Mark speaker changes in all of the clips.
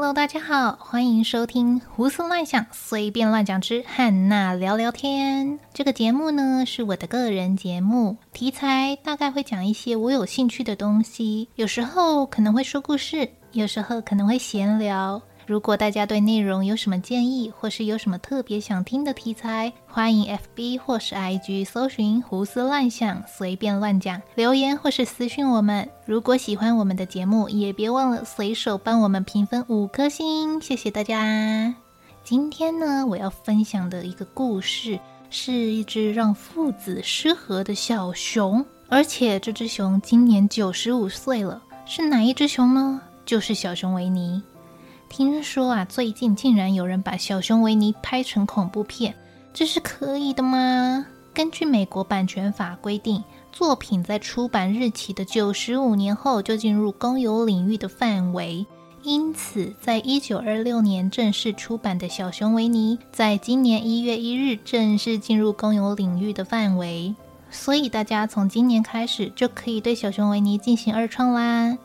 Speaker 1: Hello，大家好，歡迎收聽《胡思亂想、隨便亂講之漢娜聊聊天》這個節目呢，是我的個人節目，題材大概會講一些我有興趣的東西，有時候可能會說故事，有時候可能會閒聊。如果大家對內容有什麼建議，或是有什麼特別想聽的題材，歡迎 FB 或是 IG 搜尋“胡思亂想”，隨便亂講留言或是私訊我們。如果喜歡我們的節目，也別忘了隨手幫我們評分五顆星，謝謝大家！今天呢，我要分享的一個故事，是一隻讓父子失和的小熊，而且這隻熊今年九十五歲了，是哪一隻熊呢？就是小熊維尼。聽說啊，最近竟然有人把小熊維尼拍成恐怖片，這是可以的嗎？根據美國版權法規定，作品在出版日期的九十五年後就進入公有領域的範圍，因此，在一九二六年正式出版的小熊維尼，在今年一月一日正式進入公有領域的範圍，所以大家從今年開始就可以對小熊維尼進行二創啦。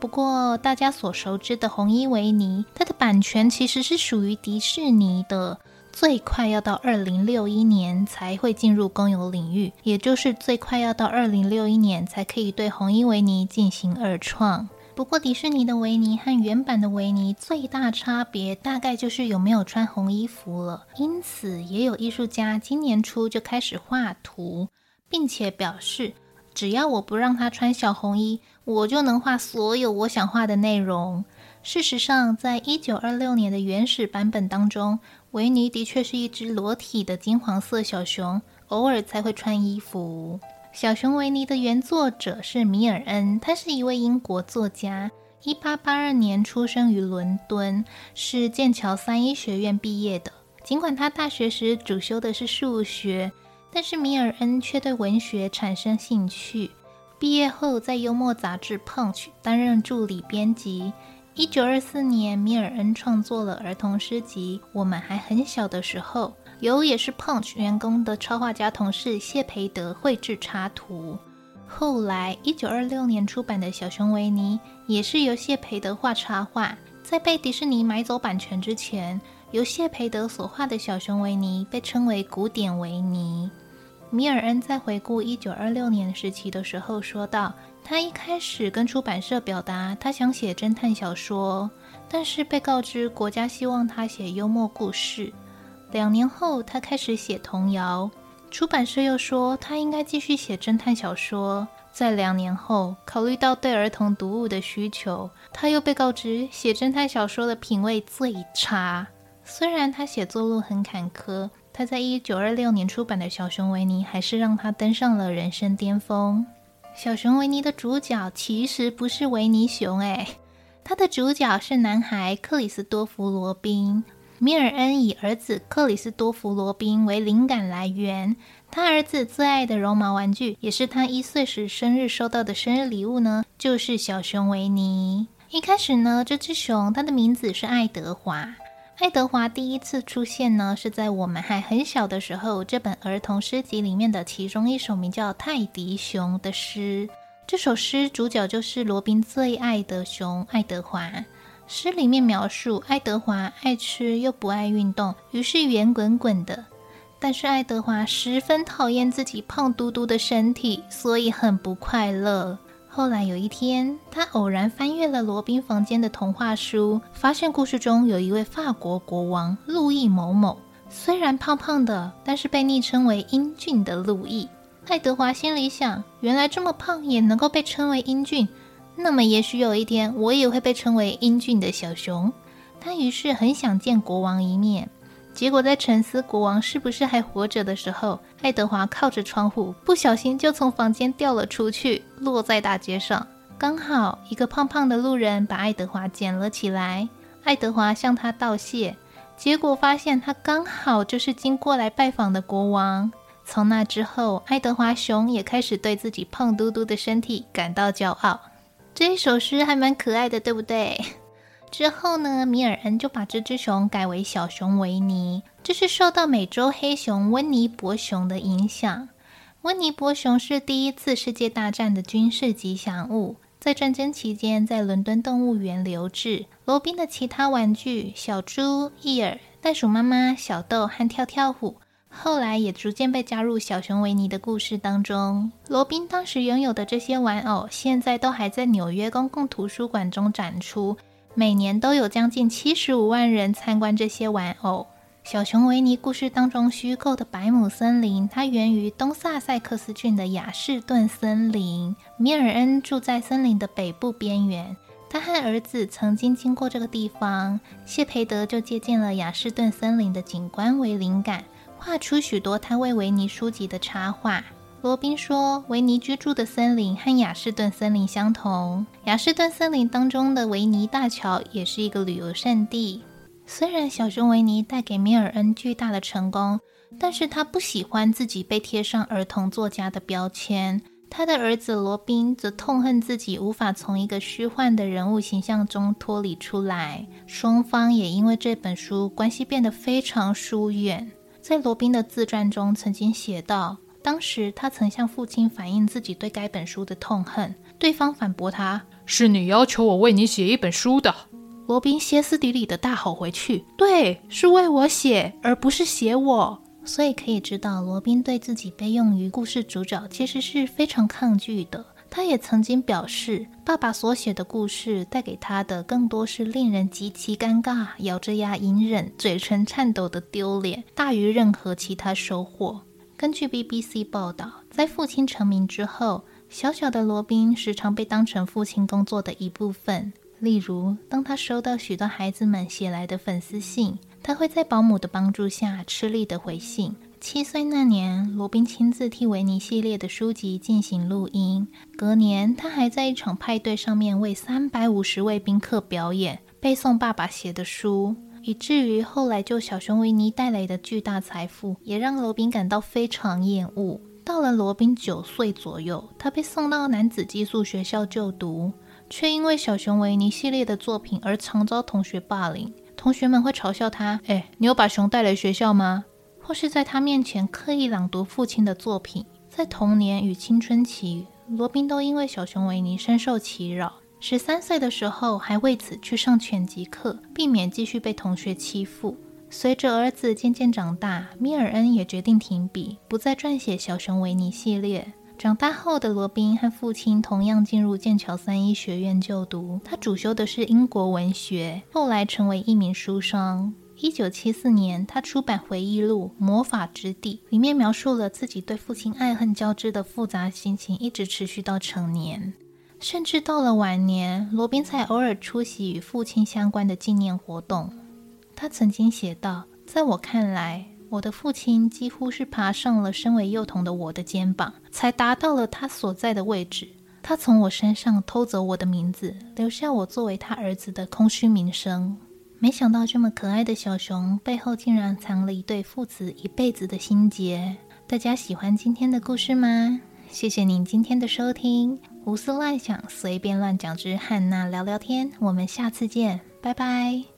Speaker 1: 不過，大家所熟知的紅衣維尼，它的版權其實是屬於迪士尼的，最快要到二零六一年才會進入公有領域，也就是最快要到二零六一年才可以對紅衣維尼進行二創。不過，迪士尼的維尼和原版的維尼最大差別，大概就是有沒有穿紅衣服了。因此，也有藝術家今年初就開始畫圖，並且表示。只要我不讓他穿小紅衣，我就能畫所有我想畫的內容。事實上，在一九二六年的原始版本當中，維尼的確是一隻裸體的金黃色小熊，偶爾才會穿衣服。小熊維尼的原作者是米爾恩，他是一位英國作家，一八八二年出生於倫敦，是劍橋三一學院畢業的。儘管他大學時主修的是數學。但是米爾恩卻對文學產生興趣。畢業後，在幽默雜誌《Punch》擔任助理編輯。1924年，米爾恩創作了兒童詩集《我們還很小的時候》，由也是《Punch》員工的插畫家同事謝培德繪製插圖。後來，1926年出版的《小熊維尼》也是由謝培德畫插畫。在被迪士尼買走版權之前。由謝培德所畫的小熊維尼被稱為“古典維尼”。米爾恩在回顧1926年時期的時候說道：“他一開始跟出版社表達他想寫偵探小說，但是被告知國家希望他寫幽默故事。兩年後，他開始寫童謠，出版社又說他應該繼續寫偵探小說。在兩年後，考慮到對兒童讀物的需求，他又被告知寫偵探小說的品味最差。”雖然他寫作路很坎坷，他在一九二六年出版的《小熊維尼》還是讓他登上了人生巔峰。《小熊維尼》的主角其實不是維尼熊，哎，他的主角是男孩克里斯多夫·羅賓。米爾恩以兒子克里斯多夫·羅賓為靈感來源，他兒子最愛的絨毛玩具，也是他一歲時生日收到的生日禮物呢，就是小熊維尼。一開始呢，這隻熊它的名字是愛德華。愛德華第一次出現呢，是在我們還很小的時候，這本兒童詩集裡面的其中一首名叫《泰迪熊》的詩。這首詩主角就是羅賓最愛的熊愛德華。詩裡面描述愛德華愛吃又不愛運動，於是圓滾滾的。但是愛德華十分討厭自己胖嘟嘟的身體，所以很不快樂。後來有一天，他偶然翻閱了羅賓房間的童話書，發現故事中有一位法國國王路易某某。雖然胖胖的，但是被昵稱為英俊的路易。愛德華心裡想：原來這麼胖也能夠被稱為英俊。那麼也許有一天，我也會被稱為英俊的小熊。他於是很想見國王一面。結果在沉思國王是不是還活着的時候，愛德華靠着窗戶，不小心就從房間掉了出去，落在大街上。剛好一個胖胖的路人把愛德華撿了起來，愛德華向他道謝。結果發現他剛好就是經過來拜訪的國王。從那之後，愛德華熊也開始對自己胖嘟嘟的身體感到驕傲。這首詩還蠻可愛的，對不對？之後呢，米爾恩就把這隻熊改為小熊維尼，這是受到美洲黑熊溫尼伯熊的影響。溫尼伯熊是第一次世界大戰的軍事吉祥物，在戰爭期間在倫敦動物園留置。羅賓的其他玩具小豬、屹耳、袋鼠媽媽、小豆和跳跳虎，後來也逐漸被加入小熊維尼的故事當中。羅賓當時擁有的這些玩偶，現在都還在紐約公共圖書館中展出。每年都有將近七十五萬人參觀這些玩偶。小熊維尼故事當中虛構的百畝森林，它源於東薩塞克斯郡的雅士頓森林。米爾恩住在森林的北部邊緣，他和兒子曾經經過這個地方。謝培德就借鑑了雅士頓森林的景觀為靈感，畫出許多他為維尼書籍的插畫。羅賓說，維尼居住的森林和雅士頓森林相同，雅士頓森林當中的維尼大橋也是一個旅遊勝地。雖然小熊維尼帶給米爾恩巨大的成功，但是他不喜歡自己被貼上兒童作家的標籤。他的兒子羅賓則痛恨自己無法從一個虛幻的人物形象中脫離出來。雙方也因為這本書關係變得非常疏遠。在羅賓的自傳中曾經寫道。當時他曾向父親反映自己對該本書的痛恨，對方反駁他：“是你要求我為你寫一本書的。”羅賓歇斯底里的大吼回去：“對，是為我寫，而不是寫我。”所以可以知道，羅賓對自己被用於故事主角其實是非常抗拒的。他也曾經表示，爸爸所寫的故事帶給他的更多是令人極其尷尬、咬着牙隱忍、嘴唇顫抖的丟臉，大於任何其他收穫。根據 BBC 報道，在父親成名之後，小小的羅賓時常被當成父親工作的一部分。例如，當他收到許多孩子們寫來的粉絲信，他會在保姆的幫助下吃力地回信。七歲那年，羅賓親自替維尼系列的書籍進行錄音。隔年，他還在一場派對上面為三百五十位賓客表演背誦爸爸寫的書。以至於後來就小熊維尼帶來的巨大財富，也讓羅賓感到非常厭惡。到了羅賓九歲左右，他被送到男子寄宿學校就讀，卻因為小熊維尼系列的作品而常遭同學霸凌。同學們會嘲笑他：“哎，你有把熊帶來學校嗎？”或是在他面前刻意朗讀父親的作品。在童年與青春期，羅賓都因為小熊維尼深受其擾。十三歲的時候，還為此去上拳擊課，避免繼續被同學欺負。隨着兒子漸漸長大，米爾恩也決定停筆，不再撰寫《小熊維尼》系列。長大後的羅賓和父親同樣進入劍橋三一學院就讀，他主修的是英國文學，後來成為一名書商。一九七四年，他出版回憶錄《魔法之地》，裡面描述了自己對父親愛恨交織的複雜心情，一直持續到成年。甚至到了晚年，羅賓才偶爾出席與父親相關的紀念活動。他曾經寫道：“在我看來，我的父親幾乎是爬上了身為幼童的我的肩膀，才達到了他所在的位置。他從我身上偷走我的名字，留下我作為他兒子的空虛名聲。”沒想到這麼可愛的小熊背後竟然藏了一對父子一輩子的心結。大家喜歡今天的故事嗎？謝謝您今天的收聽。胡思亂想，隨便亂講之漢娜聊聊天，我們下次見，拜拜。